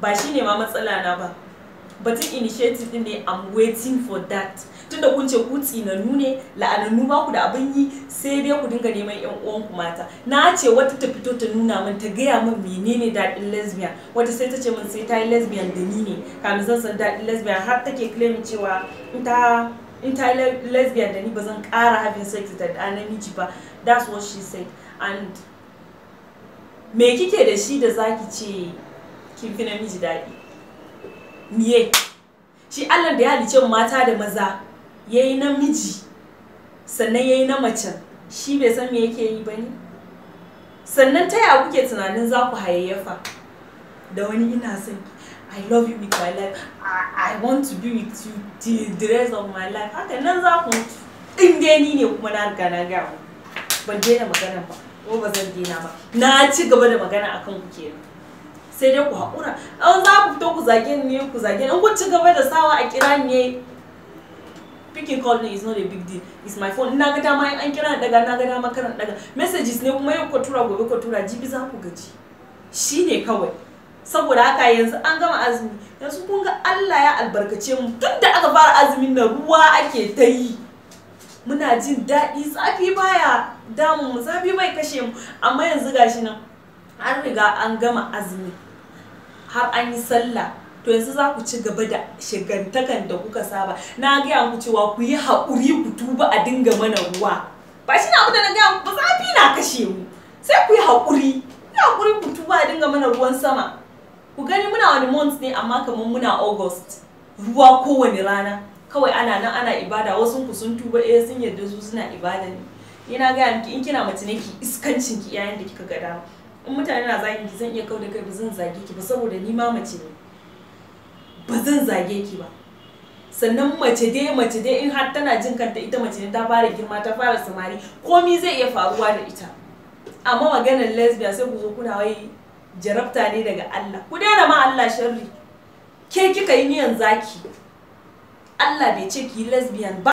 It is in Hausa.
ba shine ma matsala na ba batun initiative din ne i'm waiting for that tunda kun ce ku nune, nune la'anannu ba ku da abin yi sai dai ku dinga neman yan uwan ku mata na ce wata ta fito ta nuna min ta gaya min menene daɗin lesbian wata sai ta ce min sai ta yi lesbian da ni ne kamin zan san daɗin lesbian har take claim cewa in ta in ta yi lesbian da ni ba zan ƙara having sex da ɗa namiji ba that's what she said and me kike da shi da zaki ce kin fi namiji daɗi miye shi Allah da ya halice mata da maza yayi namiji sannan yayi na macen shi bai san me yake yi ba ne sannan ta yaya kuke tunanin za ku hayayyafa da wani ina son I love you with my life I, I want to be with you the, the rest of my life haka nan za ku in dai ni ne kuma na riga na gaya ban daina magana ba ko ba zan daina ba na ci gaba da magana akan ku kenan sai dai ku haƙura an za ku fito ku zage ni ku zage ni in ku ci gaba da sawa a kira ni picking call ne is not a big deal is my phone na ga dama an kira daga na ga dama karan daga messages ne kuma yau ku tura gobe ku tura jibi za ku gaji shine kawai saboda haka yanzu an gama azumi yanzu kun ga Allah ya albarkace mu tun da aka fara azumin na ruwa ake ta yi muna jin daɗi zafi baya damu mu zafi bai kashe mu amma yanzu gashi nan an riga an gama azumi har an yi sallah to yanzu za ku ci gaba da shigantakan da kuka saba na gaya muku cewa ku yi haƙuri ku tuba a dinga mana ruwa ba shi na da na gaya ba zafi na kashe mu sai ku yi haƙuri yi haƙuri ku tuba a dinga mana ruwan sama ku gani muna wani month ne amma kamar muna august ruwa kowane rana kawai ana nan ana ibada wasu ku sun tuba eh sun yarda su suna ibada ne ina gaya miki in kina mace ne ki iskancin ki yayin da kika ga dama in mutane na zagi ki zan iya kau da kai ba zan zage ki ba saboda ni ma mace ne ba zan zage ki ba sannan mace dai mace dai in har tana jin kanta ita mace ne ta fara girma ta fara samari komi zai iya faruwa da ita amma maganar lesbia sai ku zo kuna wai jarabta ne daga Allah ku daina ma Allah sharri ke kika yi miyan zaki Allah bai ce ki lesbian ba